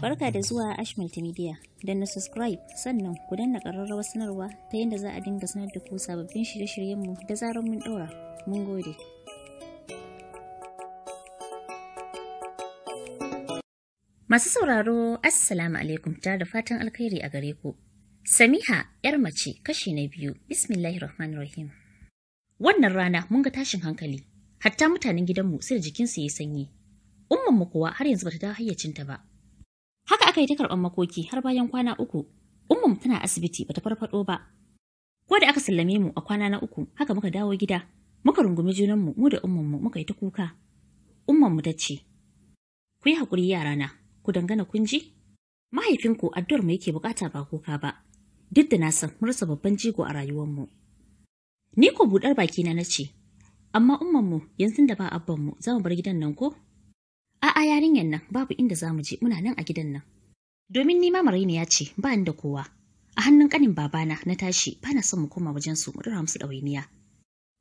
Barka da zuwa Ash Multimedia. Don na subscribe sannan ku danna ƙararrawar sanarwa ta yadda za a dinga sanar da ku sababbin shirye-shiryenmu da zarar mun ɗora. Mun gode. Masu sauraro, Assalamu alaikum ta da fatan alkhairi a gare ku. Samiha, 'yar mace, kashi na biyu, Bismillahirrahmanirrahim. Wannan rana mun ga tashin hankali, hatta mutanen gidanmu sai da jikinsu ya sanyi. Ummanmu kuwa har yanzu bata ta hayyacinta ba, Haka aka yi ta karɓar makoki har bayan kwana uku. mu tana asibiti bata farfaɗo ba. Ko da aka sallame mu a kwana na uku, haka muka dawo gida. Muka rungumi junanmu mu da mu muka yi ta kuka. Ummanmu ta ce, Ku yi haƙuri yarana, ku dangana kun ji? Mahaifinku addu'ar mu yake bukata ba kuka ba. Duk da na san mun rasa babban jigo a rayuwarmu. Ni ko buɗar bakina na ce, amma ummanmu yanzu da ba abban mu za mu bar gidan nan ko? A'a yarinyar nan babu inda za mu je muna nan a gidan nan. Domin nima ma ya ce ba da kowa. A hannun kanin babana na tashi ba na son mu koma wajen su mu dora musu ɗawainiya.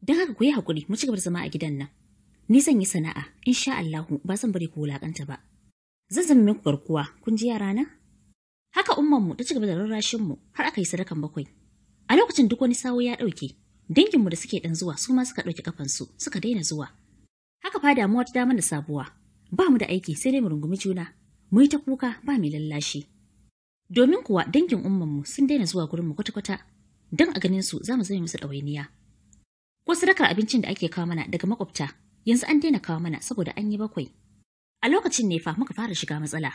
Don haka ku yi hakuri mu ci gaba da zama a gidan nan. Ni zan yi sana'a insha Allahu ba zan bari ku wulakanta ba. Zan zama muku garkuwa kun ji yara na? Haka umman mu ta ci gaba da rarrashin mu har aka yi sadakan bakwai. A lokacin duk wani sawo ya ɗauke. Danginmu da suke ɗan zuwa su ma suka ɗauki kafansu suka daina zuwa. Haka fa damuwa ta dama da sabuwa ba mu da aiki sai dai mu rungumi juna mu yi ta kuka ba mai lallashi domin kuwa dangin ummanmu sun daina zuwa gurinmu kwata-kwata don a ganin su za mu zama musu ɗawainiya ko sadakar abincin da ake kawo mana daga makwabta yanzu an daina kawo mana saboda an yi bakwai a lokacin ne fa muka fara shiga matsala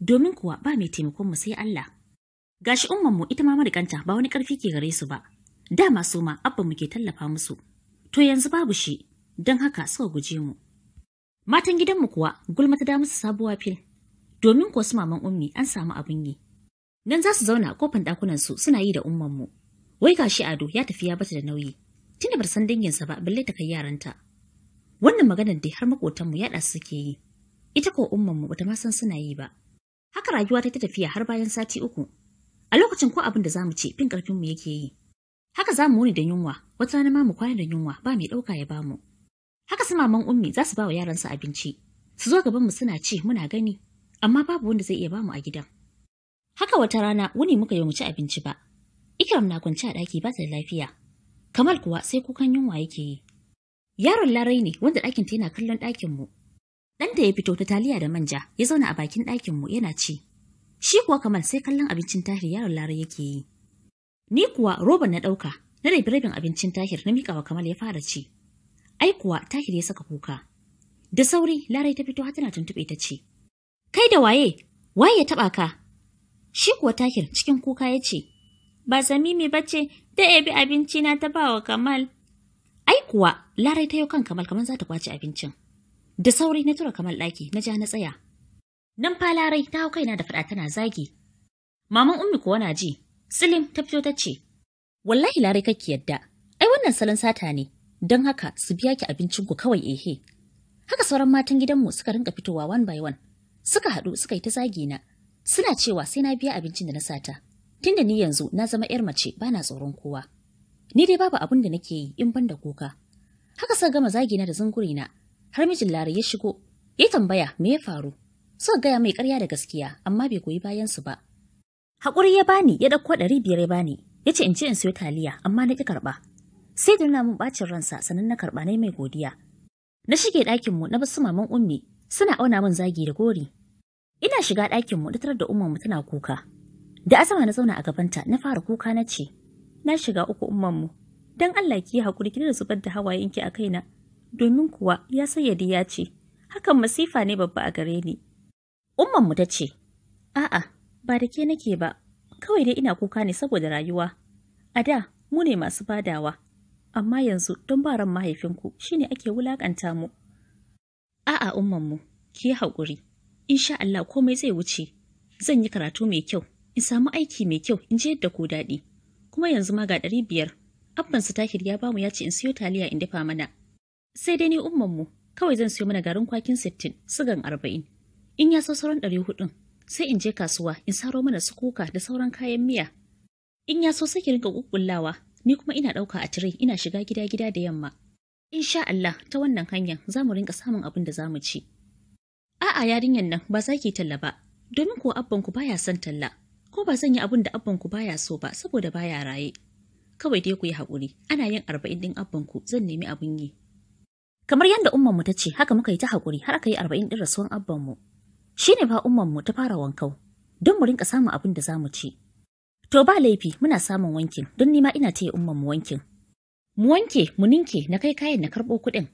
domin kuwa ba mai taimakon mu sai Allah gashi ummanmu ita ma marikanta ba wani ƙarfi ke gare su ba dama su ma abban mu ke tallafa musu to yanzu babu shi don haka suka guje mu Matan gidanmu kuwa gulma ta damu su sabuwa fil. Domin kuwa su maman ummi an samu abin yi. Nan za su zauna a kofan ɗakunansu suna yi da mu. Wai gashi Ado ya tafiya ya bata da nauyi. Tunda bar san danginsa ba balle ta kai yaranta. Wannan maganar dai har makotanmu ya su suke yi. Ita ko ummanmu bata ma san suna yi ba. Haka rayuwa ta ta tafiya har bayan sati uku. A lokacin ko abin da za mu ce fin ƙarfinmu yake yi. Haka za mu wuni da yunwa, wata rana ma mu kwana da yunwa ba mai ɗauka ya bamu. Haka su maman ummi za su ba wa yaransu abinci, su zo mu suna ci muna gani, amma babu wanda zai iya bamu mu a gidan. Haka wata rana wuni muka yi mu ci abinci ba. Ikram na kwance a ɗaki ba ta da lafiya. Kamal kuwa sai kukan yunwa yake yi. Yaron larai ne wanda ɗakin ta yana kallon ɗakin mu. Ɗanta ya fito ta taliya da manja ya zauna a bakin ɗakin mu yana ci. Shi kuwa Kamal sai kallon abincin tahir yaron larai yake yi. Ni kuwa roban na ɗauka na rabi rabin abincin tahir na miƙa wa Kamal ya fara ci. Ai Tahir ya saka kuka. Da sauri Larai ta fito har tana tuntuɓe ta ce, Kai da waye, waye ya taɓa ka? Shi kuwa Tahir cikin kuka ya ce, Ba Samimi ba ce, ta ebi abinci na ta bawa Kamal. Ai Larai ta yau kan Kamal kamar za ta kwace abincin. Da sauri na tura Kamal ɗaki na ja na tsaya. Nan fa Larai ta hau kaina da faɗa tana zagi. Maman Ummi kuwa na ji, Silim ta fito ta ce, Wallahi Larai kake yadda, ai wannan salon sata ne, don haka su biya ki abincin ku kawai ehe. Haka sauran matan gidanmu suka rinka fitowa one by one, suka haɗu suka yi ta zagi na, suna cewa sai na biya abincin da na sata. Tunda ni yanzu na zama 'yar mace bana tsoron kowa. Ni dai babu abin da nake yi in ban da kuka. Haka suka gama zagi na da zungurina, har mijin Lare ya shigo, ya tambaya me ya faru. Suka gaya mai ƙarya da gaskiya, amma bai goyi bayansu ba. Haƙuri ya bani ya ɗauko ɗari biyar ya bani, ya ce in ce in siyo taliya, amma na ƙi karɓa. sai da mun bacin ransa sannan na karɓa ne mai godiya. Na shige ɗakinmu na basu maman ummi suna auna min zagi da gori. Ina shiga ɗakinmu na tarar da ummanmu tana kuka. Da asama na zauna a gabanta na fara kuka na ce, Na shiga uku ummanmu, dan Allah ki yi haƙuri ki da zubar da ki a na. domin kuwa ya sayyadi ya ce, hakan masifa ne babba a gare ni. Ummanmu ta ce, A'a, ba da ke nake ba, kawai dai ina kuka ne saboda rayuwa. A da, mu ne masu badawa, amma yanzu don ba ran mahaifinku shine ake wulakanta mu. A'a ummanmu, ki yi haƙuri, insha Allah komai zai wuce, zan yi karatu mai kyau, in samu aiki mai kyau in je yadda ku daɗi, kuma yanzu ma ga ɗari biyar. Abban su takir ya bamu ya ce in siyo taliya in dafa mana. Sai dai ni umman mu kawai zan siyo mana garin kwakin sittin, sugan arba'in. In ya so sauran ɗari huɗun, sai in je kasuwa in saro mana su kuka da sauran kayan miya. In ya so sake ki rinka ƙuƙƙullawa ni kuma ina ɗauka a tire ina shiga gida-gida da yamma. Insha Allah ta wannan hanyar za mu rinka samun abin da za mu ci. A'a yarinyar nan ba za ki talla ba, domin kuwa abbanku baya son talla, ko ba zan yi abin da abbanku baya so ba saboda baya raye. Kawai dai ku yi haƙuri, ana yin arba'in ɗin abbanku zan nemi abin yi. Kamar yadda mu ta ce haka muka yi ta haƙuri har aka yi arba'in ɗin rasuwan abbanmu. Shi ne ba mu ta fara wankau, don mu rinka samun abin da za mu ci. To ba laifi muna samun wankin don nima ina taya umman mu wankin. Mu wanke mu ninke na kai kayan na karɓo kuɗin.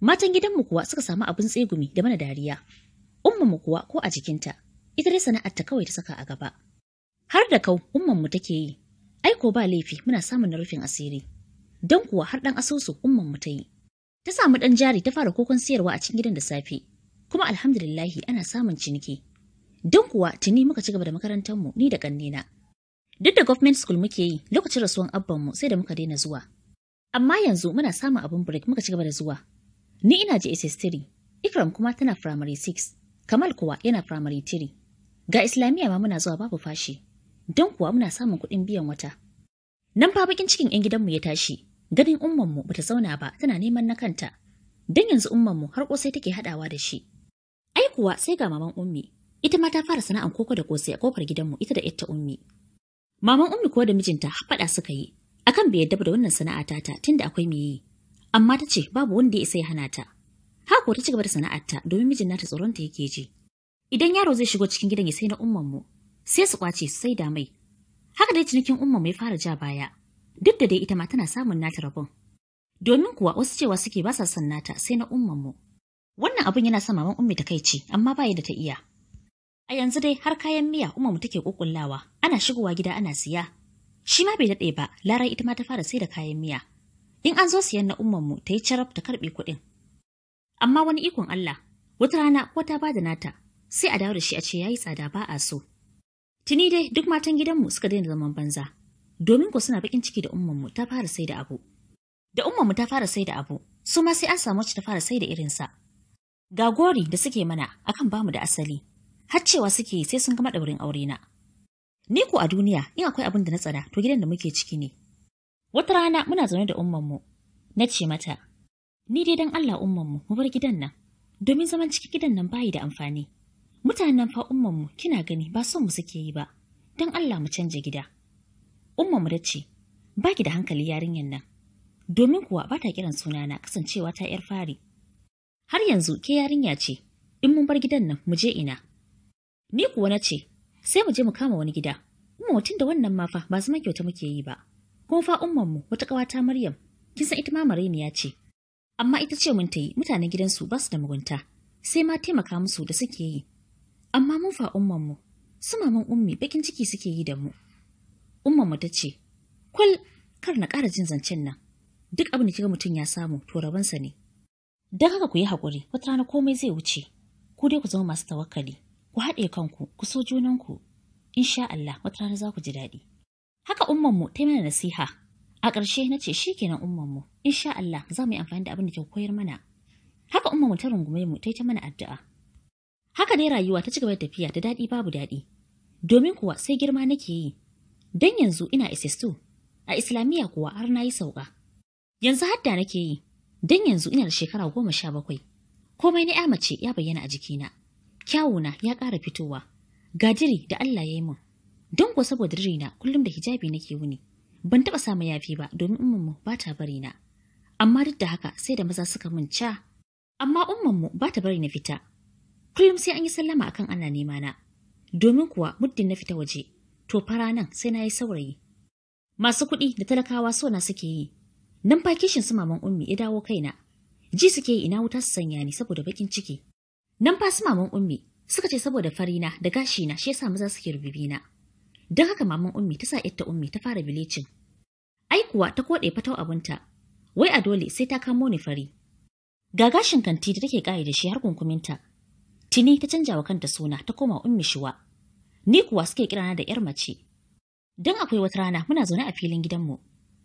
Matan gidanmu kuwa suka samu abin tsegumi da mana dariya. Umman mu kuwa ko a jikinta ita dai sana'ar ta kawai ta saka a gaba. Har da kau umman mu take yi. Aiko ba laifi muna samun na rufin asiri. Don kuwa har ɗan asusu umman mu ta yi. Ta samu ɗan jari ta fara kokon siyarwa a cikin gidan da safe. Kuma alhamdulillahi ana samun ciniki. Don kuwa tuni muka ci gaba da makarantar mu ni da ƙannena. Duk da government school muke yi lokacin rasuwan abbanmu sai da muka daina zuwa. Amma yanzu muna samun abin break muka ci gaba da zuwa. Ni ina je SS3, Ikram kuma tana primary 6, Kamal kuwa yana primary 3. Ga Islamiyya ma muna zuwa babu fashi, don kuwa muna samun kuɗin biyan wata. Nan fa bakin cikin 'yan gidanmu ya tashi, ganin ummanmu bata zauna ba tana neman na kanta. Don yanzu ummanmu har kosai take haɗawa da shi. Ai kuwa sai ga maman ummi, ita ma ta fara sana'an koko da kosai a kofar gidanmu ita da ita ummi. Maman Ummi kuwa da mijinta faɗa suka yi, akan bai yadda da wannan sana'a ta tunda akwai me yi. Amma ta ce babu wanda ya isa ya hana ta. Hako ta ci gaba da ta domin mijin nata tsoron ta yake ji. Idan yaro zai shigo cikin gidan ya sai na umman mu, sai su kwace su sai da mai. Haka dai cinikin umman mu ya fara ja baya. Duk da dai ita ma tana samun nata rabon. Domin kuwa wasu cewa suke ba sa son nata sai na umman mu. Wannan abun yana sa maman ummi ta kai ce amma ba da ta iya. A yanzu dai har kayan miya umar umarmu take kukullawa, ana shigowa gida ana siya. Shi ma bai daɗe ba, Larai ita ma ta fara sai da kayan miya. In an zo siyan na mu ta yi carab ta karɓe kuɗin. Amma wani ikon Allah, wata rana ko ta ba da nata, sai a dawo da shi a ce ya yi tsada ba a so. Tuni dai duk matan gidanmu suka daina zaman banza, domin ko suna bakin ciki da mu ta fara sai da abu. Da umar mu ta fara sai da abu, su ma sai an samu wacce ta fara sai da irinsa. Ga gori da suke mana akan bamu da asali. har cewa suke sai sun gama ɗaurin aure na. Ni ko a duniya in akwai abin da na tsada to gidan da muke ciki ne. Wata rana muna zaune da ummanmu na ce mata, Ni dai dan Allah umman mu bar gidan nan, domin zaman cikin gidan nan bayi da amfani. Mutanen fa umman mu kina gani ba son mu suke yi ba, don Allah mu canja gida. umman mu da ce, ba ki da hankali yarinyar nan, domin kuwa ba ta kiran sunana kasancewa ta ‘yar fari. Har yanzu ke yarinya ce, in mun bar gidan nan mu je ina. Ni kuwa na ce, sai mu je mu kama wani gida. Kuma mutum da wannan mafa ba zama kyauta muke yi ba. Kuma fa ummanmu wata ƙawata Maryam, kin san ita ma ya ce. Amma ita ce mun ta yi mutanen gidansu ba su da mugunta, sai ma taimaka musu da suke yi. Amma mun fa ummanmu, su maman ummi bakin ciki suke yi da mu. Ummanmu ta ce, kwal kar na ƙara jin zancen nan. Duk abin da kiga mutum ya samu to rabansa ne. Don haka ku yi haƙuri, wata rana komai zai wuce. Ku dai ku zama masu tawakkali. ku haɗe kanku ku so junanku insha Allah wata rana za ku ji daɗi haka ummanmu ta mana nasiha a ƙarshe na ce shi kenan ummanmu insha Allah za mu yi amfani da abin da kyau koyar mana haka ummanmu ta rungume mu ta yi ta mana addu'a haka dai rayuwa ta ci gaba da tafiya da daɗi babu daɗi domin kuwa sai girma nake yi don yanzu ina SS2 a Islamiyya kuwa har na yi sauka yanzu hadda nake yi dan yanzu ina da shekara goma sha bakwai komai na ya mace ya bayyana a jikina kyawuna ya ƙara fitowa ga diri da Allah ya yi mun don kuwa saboda na kullum da hijabi nake wuni ban taɓa sa yafi ba domin ummanmu ba ta bari na amma duk da haka sai da maza suka min ca amma ummanmu ba ta bari na fita kullum sai an yi sallama akan ana nema na domin kuwa muddin na fita waje to fara nan sai na yi saurayi masu kuɗi da talakawa so na suke yi nan fakishin su maman ummi ya dawo kaina ji suke yi ina wuta su sanya ni saboda bakin ciki Nan fa su maman ummi suka ce saboda farina da gashi na shi yasa maza suke rubibi na. Don haka maman ummi ta sa yatta ummi ta fara bilicin. Ai kuwa ta koɗe fatau abunta. Wai a dole sai ta kamo ni fari. Ga gashin kanti da take kare da shi har kunkuminta. Tini ta canja wa kanta suna ta koma ummi shuwa. Ni kuwa suke kira na da yar mace. Don akwai wata rana muna zaune a filin gidanmu.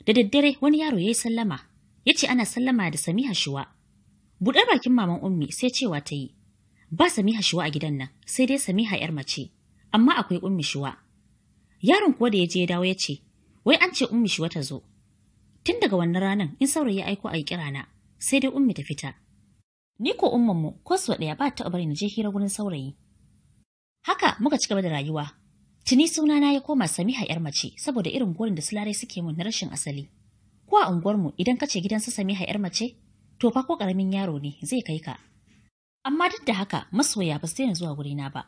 Da daddare wani yaro ya yi sallama. Ya ce ana sallama da Samiha shuwa. Buɗar bakin maman ummi sai cewa ta yi. Ba Samiha shuwa a gidan nan, sai dai Samiha ‘yar mace, amma akwai ummi shuwa. Yaron kuwa da ya je ya dawo ya ce, wai an ce ummi shuwa ta zo. Tun daga wannan ranan in saurayi ya aiko a yi kira na, sai dai ummi ta fita. Ni ko ummanmu ko su ɗaya ba ta bari na je hira gurin saurayi. Haka muka ci gaba da rayuwa. Tuni suna na ya koma Samiha ‘yar mace saboda irin gurin da sulare suke mun na rashin asali. Ko a unguwarmu idan ka ce su Samiha ‘yar mace, to fa ko karamin yaro ne zai kai ka. Amma duk da haka masoya ba sai daina zuwa wurina ba.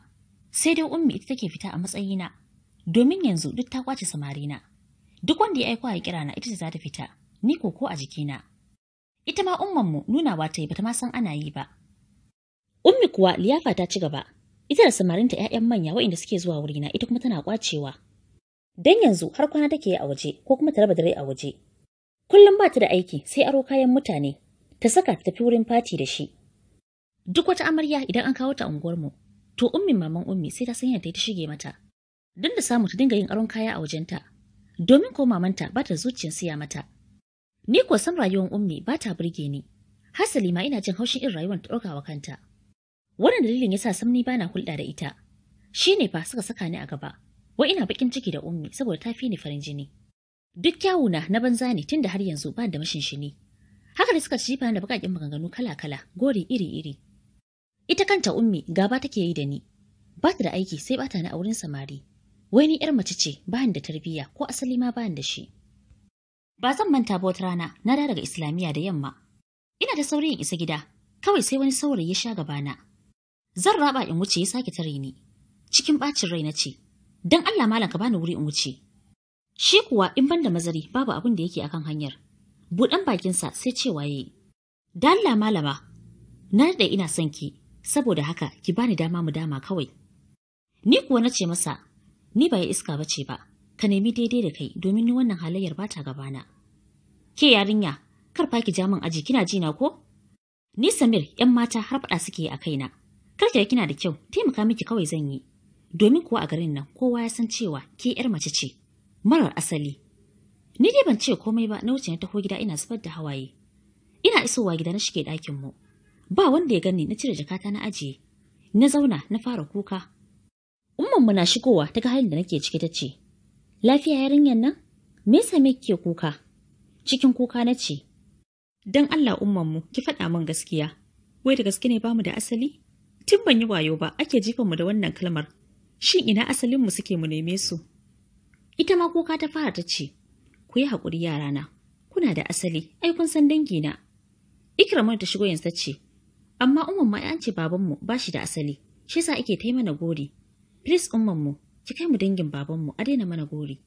Sai dai ummi ita take fita a matsayina. Domin yanzu duk ta kwace samarina. Duk wanda ya aiko a kira na ita za ta fita. Ni ko ko a jikina. Ita ma ummanmu nunawa ta yi bata ma san ana yi ba. Ummi kuwa liyafa ta ci gaba. Ita da samarinta 'ya'yan manya waɗanda suke zuwa wurina ita kuma tana kwacewa. Dan yanzu har kwana take a waje ko kuma ta raba dare a waje. Kullum ba ta da aiki sai aro kayan mutane, ta saka ta tafi wurin fati da shi. Duk wata amarya idan an kawo ta unguwar mu. to ummin maman ummi sai ta san yadda ta shige mata. Don da samu ta dinga yin aron kaya a wajenta, domin ko mamanta ba ta zuciyar siya mata. Ni ko san rayuwar ummi ba ta burge ni, hasali ma ina jin haushin irin rayuwar ta ɗauka kanta. Wannan dalilin ya sa samni ba bana hulɗa da ita. Shi ne fa suka saka ni a gaba, Wai ina bakin ciki da ummi saboda ta fi ni farin jini. Duk kyawuna na banza ne tun da har yanzu ba da mashin shini. Haka da suka ci cifa da baƙaƙen maganganu kala-kala, gori iri-iri. Ita kanta ummi gaba take yi da ni. Ba ta da aiki sai bata ni a wurin samari. Wai ni 'yar mace ce ba ni da tarbiyya ko asali ma ba da shi. Ba zan manta ba wata rana na da daga Islamiyya da yamma. Ina da sauri isa gida, kawai sai wani saurayi ya sha gabana. Zan raba in wuce ya sake tare ni. Cikin bacin rai na ce, "Dan Allah malam ka bani wuri in wuce." Shi kuwa in banda mazari babu abin da yake akan hanyar. Buɗan bakinsa sai cewa yayi. "Dan Allah malama, na da ina son ki, saboda haka ki bani dama mu dama kawai. Ni kuwa na ce masa, ni ba ya iska ba ce ba, ka nemi daidai da kai domin ni wannan halayyar ba ta gabana. Ke yarinya, kar fa ki ja min aji kina jina ko? Ni Samir, ‘yan mata har faɗa suke yi a kaina. Kar ki kina da kyau, taimaka miki kawai zan yi. Domin kuwa a garin nan kowa ya san cewa ke ƴar mace ce, marar asali. Ni dai ban ce komai ba na wuce na taho gida ina zubar da hawaye. Ina isowa gida na shige ɗakin mu. Ba wanda ya gani na cire jakata na ajiye. Na zauna na fara kuka. Ummanmu na shigowa ta ga halin da nake ciki ta ce, Lafiya yarinyar nan? Me yasa me kike kuka? Cikin kuka na ce, Dan Allah ummanmu ki faɗa min gaskiya. Wai da gaske ne bamu da asali? Tun ban yi wayo ba ake jifan mu da wannan kalmar. Shin ina asalin mu suke mu neme su? Ita ma kuka ta fara ta ce, Ku yi haƙuri yarana, kuna da asali, ai kun san dangina. Ikramar ta shigo yanzu ta ce, Amma umman ma an ce babanmu ba shi da asali, shi sa ake ta yi mana gori. Please umman mu, ki kai mu dangin babanmu a daina mana gori.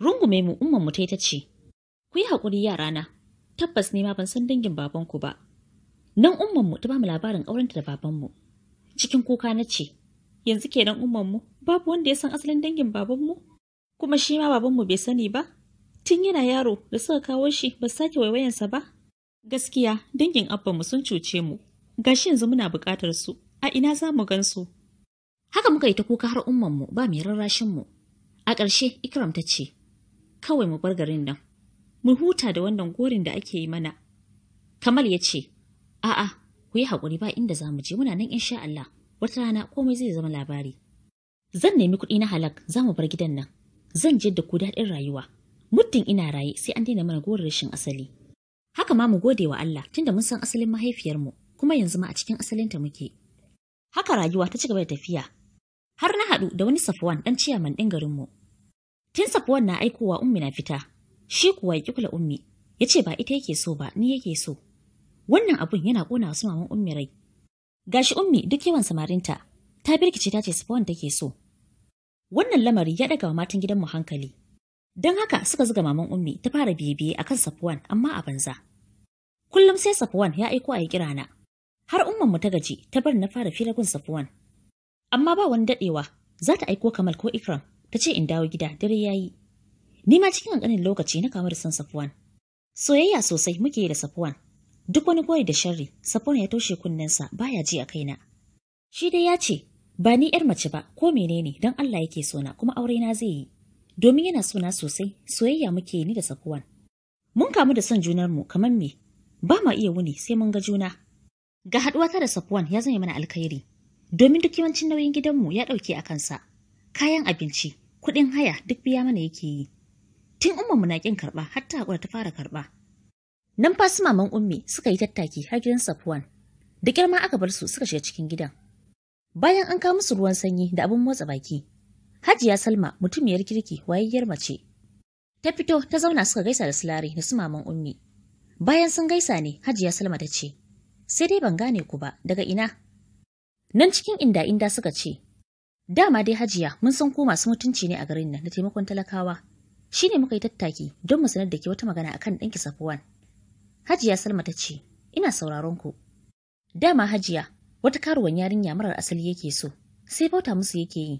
Rungume mu umman mu ta ta ce, ku yi haƙuri yarana, tabbas ne ma ban san dangin babanku ba. Nan umman mu ta ba mu labarin aurenta da babanmu. Cikin kuka na ce, yanzu kenan umman mu babu wanda ya san asalin dangin babanmu? Kuma shi ma babanmu bai sani ba? Tun yana yaro da suka kawo shi ba sake waiwayansa ba? Gaskiya dangin abbanmu sun cuce mu. gashi yanzu muna buƙatar su, a ina za mu gan su? Haka muka yi ta kuka har mu ba mai rarrashin mu. A ƙarshe Ikram ta ce, kawai mu bar garin nan, mu huta da wannan gorin da ake yi mana. Kamal ya ce, a'a, ku yi haƙuri ba inda za mu je muna nan insha Allah, wata rana komai zai zama labari. Zan nemi kuɗi na halak za mu bar gidan nan, zan je da ku daɗin rayuwa. Muddin ina raye sai an daina mana gorin rashin asali. Haka ma mu gode wa Allah tunda mun san asalin mahaifiyarmu. kuma yanzu ma a cikin asalinta muke. Haka rayuwa ta ci gaba da tafiya. Har na haɗu da wani Safwan ɗan ciyaman ɗin garinmu. Tun Safwan na aikowa ummi na fita, shi kuwa ya kula ummi, ya ce ba ita yake so ba, ni yake so. Wannan abun yana ƙona wasu maman ummi rai. Gashi ummi duk yawan samarinta, ta birkice ta ce Safwan take so. Wannan lamari ya ɗaga wa matan gidanmu hankali. Don haka suka zuga maman ummi ta fara biye-biye a kan Safwan amma a banza. Kullum sai Safwan ya aiko a yi kirana. har umman mu ta gaji ta bar na fara filagun safuwan amma ba wani dadewa za ta aiko kamal ko ikram ta ce in dawo gida dare yayi ni ma cikin kankanin lokaci na kamar san safuwan soyayya sosai muke da safuwan duk wani gori da sharri safuwan ya toshe kunnensa baya ji a kaina shi dai ya ce ba ni yar mace ba ko menene dan Allah yake sona kuma aure na zai yi domin yana sona sosai soyayya muke ni da safuwan mun kamu da son mu kamar me ba ma iya wuni sai mun ga juna Ga haɗuwa ta da Safwan ya zame mana alkhairi, domin duk yawancin nauyin gidanmu ya ɗauke a kansa. Kayan abinci, kuɗin haya duk biya mana yake yi. Tun ummanmu na kin karɓa hatta ta haƙura ta fara karɓa. Nan su maman ummi suka yi tattaki har gidan Safwan. Da girma aka bar su suka shiga cikin gidan. Bayan an kawo musu ruwan sanyi da abin motsa baki, Hajiya Salma mutumiyar kirki wayayyar mace. Ta fito ta zauna suka gaisa da Sulari da su maman ummi. Bayan sun gaisa ne Hajiya Salma ta ce, sai dai ban gane ku ba daga ina. Nan cikin inda inda suka ce, dama dai hajiya mun san ku masu mutunci ne a garin nan na taimakon talakawa. Shi ne muka yi tattaki don mu sanar da ke wata magana akan ɗanki Safuwan. Hajiya Salma ta ce, ina sauraron ku. Dama hajiya, wata karuwan yarinya marar asali yake so, sai bauta musu yake yi.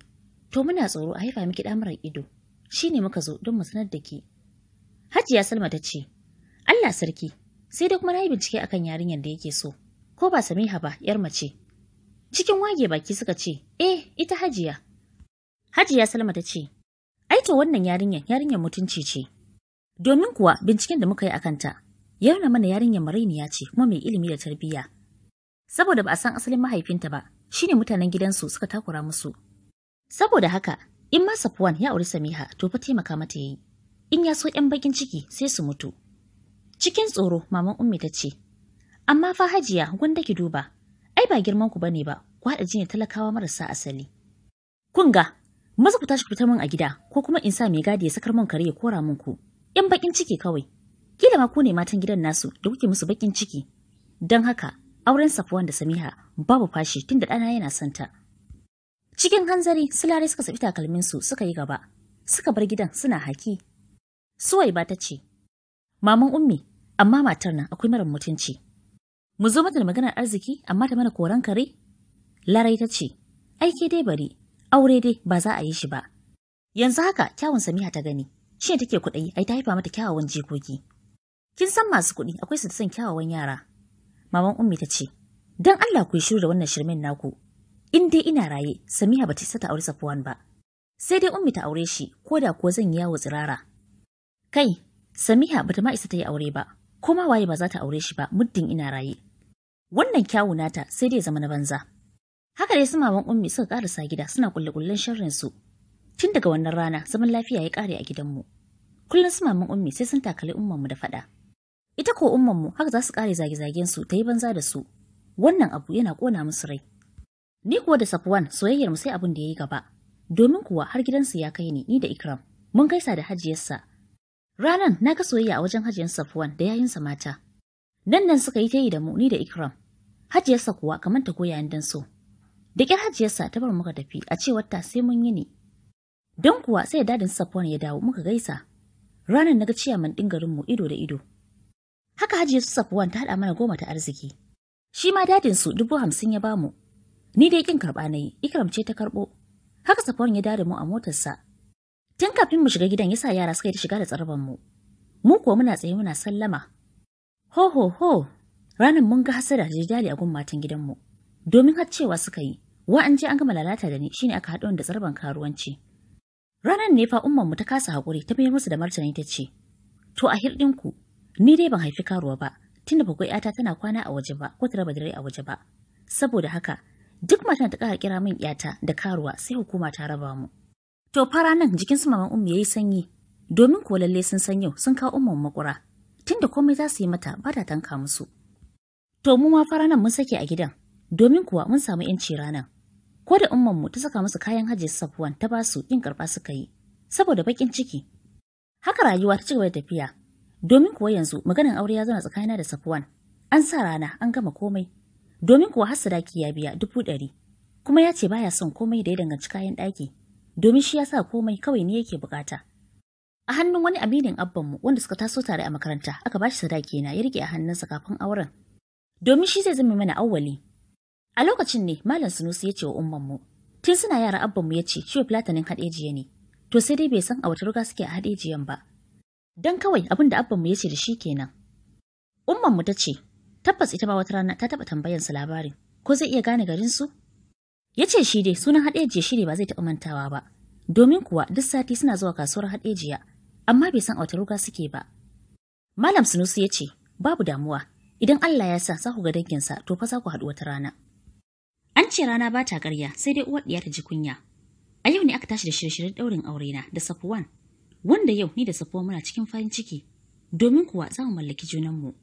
To muna tsoro a haifa miki ɗamarar ido, shi ne muka zo don mu sanar da ke. Hajiya Salma ta ce, Allah sarki, sai dai kuma na yi bincike akan yarinyar da yake so ko ba Samiha ba yar mace cikin wage baki suka ce eh ita Hajiya Hajiya Salma ta ce ai to wannan yarinyar yarinyar mutunci ce domin kuwa binciken da muka yi akan ta ya nuna mana yarinyar marainiya ce kuma mai ilimi da tarbiyya saboda ba a san asalin mahaifinta ba shine mutanen gidansu suka takura musu saboda haka in ma Safwan ya auri Samiha to fa taimaka mata yayi in ya so 'yan bakin ciki sai su mutu. Cikin tsoro maman Ummi ta ce, Amma fa hajiya gwanda ki duba, ai ba girman ku bane ba, ku haɗa jinya talakawa marasa asali. Kunga, ga, maza ku tashi fita min a gida ko kuma in sa mai gadi ya sakar min kare ya kora min ku. ‘Yan bakin ciki kawai, kila ma ku ne matan gidan nasu da kuke musu bakin ciki. Don haka, auren Safuwan da Samiha babu fashi tunda ɗana yana santa. Cikin hanzari, Sulare suka sabi su suka yi gaba, suka bar gidan suna haki. Suwai ba ta ce, Maman ummi, amma matar nan akwai mara mutunci. Mu zo mata da maganar arziki amma ta mana koran kare? Larai ta ce, aike dai bari, aure dai ba za a yi shi ba. Yanzu haka kyawun Samiha ta gani, shi take kuɗi ai ta haifa mata kyawawan jikoki. Kin san masu kuɗi akwai su da son kyawawan yara. Maman ummi ta ce, dan Allah ku yi shiru da wannan shirmen naku. In dai ina raye, Samiha ba ta isa ta aure Safuwan ba. Sai dai ummi ta aure shi, ko da kuwa zan yi yawo tsirara. Kai, Samiha bata ma isa ta yi aure ba, kuma waye ba za ta aure shi ba muddin ina raye. Wannan kyawu nata sai dai zama na banza. Haka dai su ummi suka karasa gida suna kulle sharrin su. Tun daga wannan rana zaman lafiya ya kare a gidanmu. Kullum su maman ummi sai sun takali ummanmu da fada. Ita ko ummanmu haka za su kare zage-zagen su ta yi banza da su. Wannan abu yana kona musu rai. Ni kuwa da Safwan soyayyar mu sai abin da yayi gaba. Domin kuwa har gidansu ya kai ni ni da Ikram. Mun kaisa da hajiyarsa Ranan na ga soyayya a wajen hajiyar Safwan da yayinsa mata. Nan nan suka yi tayi da mu ni da Ikram. Hajiyarsa kuwa kamar ta goya dan so. Da kyar hajiyarsa ta bar muka tafi a cewar ta sai mun yi ne. dan kuwa sai dadin Safwan ya dawo muka gaisa. Ranar na ga ciyaman ɗin mu ido da ido. Haka hajiyar Safwan ta haɗa mana goma ta arziki. Shi ma dadin su dubu hamsin ya bamu. Ni dai kin karɓa na yi, Ikram ce ta karɓo. Haka Safwan ya dada mu a motarsa Tun kafin mu shiga gidan yasa yara suka yi shiga da tsarban mu. Mu kuwa muna tsaye muna sallama. Ho ho ho. Ranar mun ga hasada da jidali a gun matan gidan mu Domin har cewa suka yi, wa an je an gama lalata da ni shine aka haɗu da tsarban karuwanci. Ranar ne fa umman mu ta kasa hakuri ta mayar musu da martani ta ce, To a hirɗinku, ni dai ban haifi karuwa ba, tunda ba ‘yata tana kwana a waje ba ko ta raba dare a waje ba. Saboda haka, duk matan ta kara kira min ‘yata da karuwa sai hukuma ta raba mu. To fara nan jikin su maman ya yi sanyi. Domin ko lalle sun san yau sun kawo umman makura. Tunda komai za su yi mata ba ta tanka musu. To mu ma fara nan mun sake a gidan. Domin kuwa mun samu yanci ranan. Ko da umman mu ta saka musu kayan haji safuwan ta ba su yin karɓa suka yi. Saboda baƙin ciki. Haka rayuwa ta cigaba da tafiya. Domin kuwa yanzu maganan aure ya zana tsakanina da safuwan. An sa rana an gama komai. Domin kuwa har sadaki ya biya dubu ɗari. Kuma ya ce baya son komai da ya danganci kayan ɗaki. domin shi ya sa komai kawai ne yake bukata. A hannun wani aminin abbanmu wanda suka taso tare a makaranta aka bashi sadaki na ya rike a hannunsa kafin auren. Domin shi zai zama mana awwali. A lokacin ne Malam Sunusi ya ce wa ummanmu, tun suna yara abbanmu ya ce ciwo platanin haɗejiya ne, to sai dai bai san a wata ruga suke a haɗejiyan ba. Dan kawai abin da abbanmu ya ce da shi kenan. Ummanmu ta ce, tabbas ita ba wata rana ta taɓa tambayansa labarin, ko zai iya gane garinsu? Ya ce shi dai sunan haɗejiya shi ne ba zai taɓa mantawa ba, domin kuwa duk sati suna zuwa kasuwar haɗejiya, amma bai san autaruga suke ba. Malam Sunusi ya ce, babu damuwa, idan Allah ya sa za ku ga danginsa to fa za ku haɗu wata rana. An ce rana ba ta ƙarya sai dai uwar ɗiya ta ji kunya. A yau ne aka tashi da shirye-shiryen ɗaurin aurena da Safuwan, wanda yau ni da Safuwan muna cikin farin ciki, domin kuwa za mu mallaki junanmu.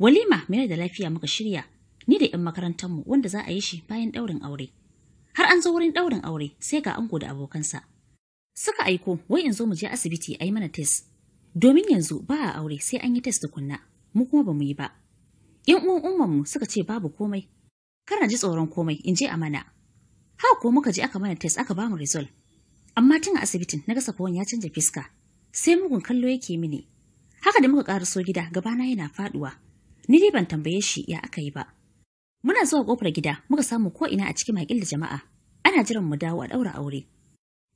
Walima mai da lafiya muka shirya, ni da 'yan makarantar mu wanda za a yi shi bayan ɗaurin aure. Har an zo wurin ɗaurin aure sai ga ango da abokansa. Suka aiko wai in zo mu je asibiti a yi mana test. Domin yanzu ba a aure sai an yi test tukunna, mu kuma ba mu yi ba. ‘Yan uwan umarmu suka ce babu komai. Kar na ji tsoron komai in je a mana. Haka ko muka je aka mana test aka ba mu result. Amma tun a asibitin na gasa safuwan ya canja fiska. Sai mugun kallo yake mini. Haka da muka ƙaraso gida gabana yana faɗuwa. Ni dai ban tambaye shi ya aka yi ba. Muna zuwa kofar gida muka samu ko ina a cikin makil da jama'a. Ana jiran mu dawo a daura aure.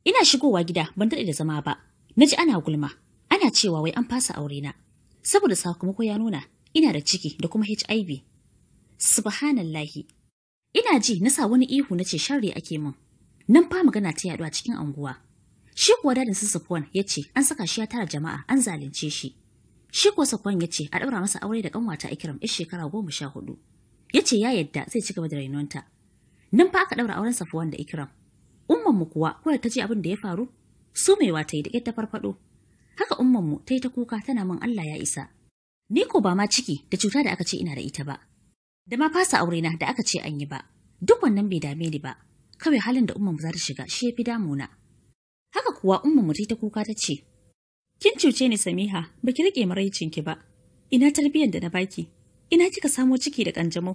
Ina shigowa gida ban daɗe da zama ba. Naji ana gulma. Ana cewa wai an fasa aure na. Saboda sakamako ya nuna ina da ciki da kuma HIV. Subhanallahi. Ina ji na sa wani ihu na ce sharri ake min. Nan fa magana ta yaɗu a cikin anguwa. Shi kuwa dadin su ya ce an saka shi ya tara jama'a an zalunce shi. Shi kuwa ya ce a ɗaura masa aure da ƙanwata Ikram 'yar shekara goma sha hudu. ya ce ya yadda zai ci gaba da rainonta. Nan fa aka ɗaura auren Safuwan da Ikram. Ummanmu kuwa ko ta ji abin da ya faru, su mai ta yi da ta farfado. Haka ummanmu ta yi ta kuka tana min Allah ya isa. Ni ko ba ma ciki da cuta da aka ce ina da ita ba. Da ma fasa aure na da aka ce an yi ba. Duk wannan bai dame ni ba. Kawai halin da ummanmu za ta shiga shi ya fi damu na. Haka kuwa ummanmu ta yi ta kuka ta ce, Kin cuce ni Samiha, ba ki riƙe maraicinki ba. Ina tarbiyyar da na baki, Ina kika samo ciki da kanjamau?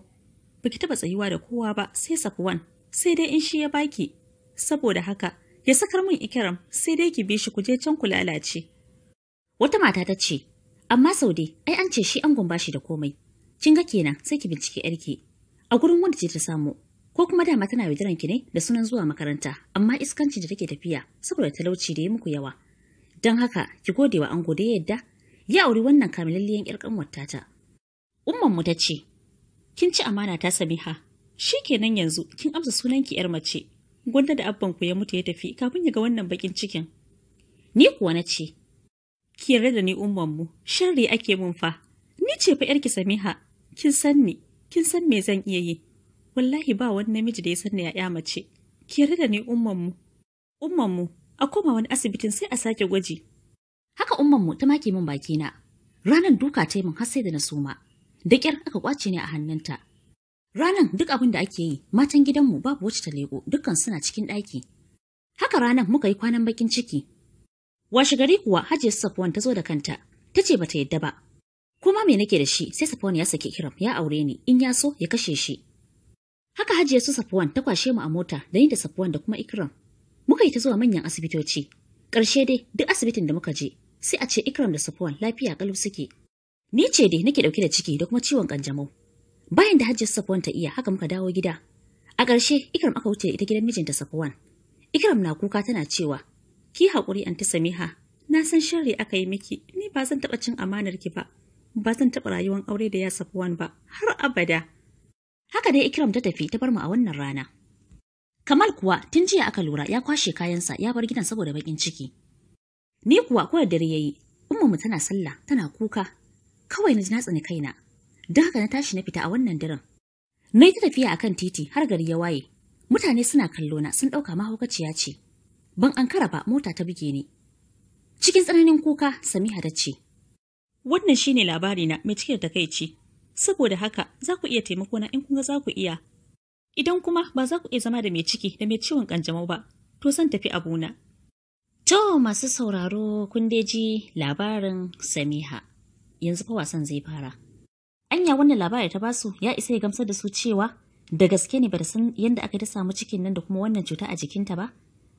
Baki taba tsayuwa da kowa ba sai Safwan, sai dai in shi ya baki. Saboda haka, ya sakar min ikiram sai dai ki bi shi kuje can ku lalace. Wata mata ta ce, amma Saude, ai an ce shi an gumba shi da komai. Kin ga kenan sai ki bincike yarki. A gurin wanda ce ta samu, ko kuma dama tana bidiran ki ne da sunan zuwa makaranta amma iskanci da take tafiya saboda talauci da ya muku yawa dan haka ki gode wa ango da yadda ya auri wannan kamilalliyan yar kanwar tata Ummanmu ta ce, Kin ci amana ta samiha. shi kenan yanzu kin amsa sunanki ‘yar mace, gwanda da abbanku ya mutu ya tafi kafin ya ga wannan bakin cikin. Ni kuwa na ce, Ki yarda da ni ummanmu, sharri ake mun fa, ni ce fa ‘yarki Samiha, kin san ni, kin san me zan iya yi, wallahi ba wani namiji da ya san ya mace, ki yarda da ni ummanmu. Ummanmu, a koma wani asibitin sai a sake gwaji. Haka ummanmu ta make min bakina, ranar duka ta yi min har sai da na suma. da ƙyar aka kwace ne a hannunta. Ranan duk abin da ake yi, matan gidanmu babu wacce ta leƙo. dukkan suna cikin ɗaki. Haka ranan muka yi kwanan bakin ciki. Washe gari kuwa Hajiya Safwan ta zo da kanta, ta ce ba ta yadda ba. Kuma me nake da shi sai Safwan ya saki kiram ya aure ni in ya so ya kashe shi. Haka Hajiya su Safwan ta kwashe mu a mota da ni da Safwan da kuma Ikram. Muka yi ta zuwa manyan asibitoci. Ƙarshe dai duk asibitin da muka je sai a ce Ikram da Safwan lafiya kalau suke. Ni ce dai nake dauke da ciki da kuma ciwon kanjamau. Bayan da Hajji Safwan ta iya haka muka dawo gida. A ƙarshe Ikram aka wuce ita gidan mijinta Safwan. Ikram na kuka tana cewa, "Ki haƙuri Anti Samiha, na san sharri aka yi miki, ni ba zan taɓa cin amanar ki ba, ba zan taɓa rayuwar aure da ya Safwan ba, har abada." Haka dai Ikram ta tafi ta bar mu a wannan rana. Kamal kuwa tun jiya aka lura ya kwashe kayansa ya bar gidan saboda baƙin ciki. Ni kuwa ko da dare yayi, ummu tana sallah tana kuka kawai na ji tsani kaina don haka na tashi na fita a wannan daren na yi ta tafiya a kan titi har gari ya waye mutane suna kallo na sun ɗauka mahaukaciya ce ban an kara ba mota ta buge ni cikin tsananin kuka samiha ta ce wannan shine labari na mai cikin takaici saboda haka za ku iya taimako na in kun ga za ku iya idan kuma ba za ku iya zama da mai ciki da mai ciwon kanjamau ba to san tafi abuna to masu sauraro kun ji labarin samiha yanzu fa wasan zai fara. Anya wannan labari ta basu ya isa ya gamsar da su cewa da gaske ne bada san yadda aka ta samu cikin nan da kuma wannan cuta a jikinta ba?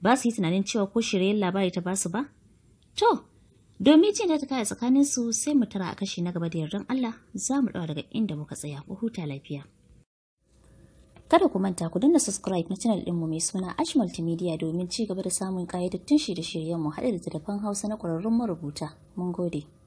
Ba su yi tunanin cewa ko shiryen labari ta basu ba? To, domin jin da ta kaya tsakanin su sai mu tara a kashi na gaba da yardan Allah za mu dawa daga inda muka tsaya ku huta lafiya. Kada ku manta ku danna subscribe na channel ɗinmu mai suna Ash Multimedia domin ci gaba da samun ƙayyadattun shirye-shiryenmu haɗe da telefon Hausa na ƙwararrun marubuta. Mun gode.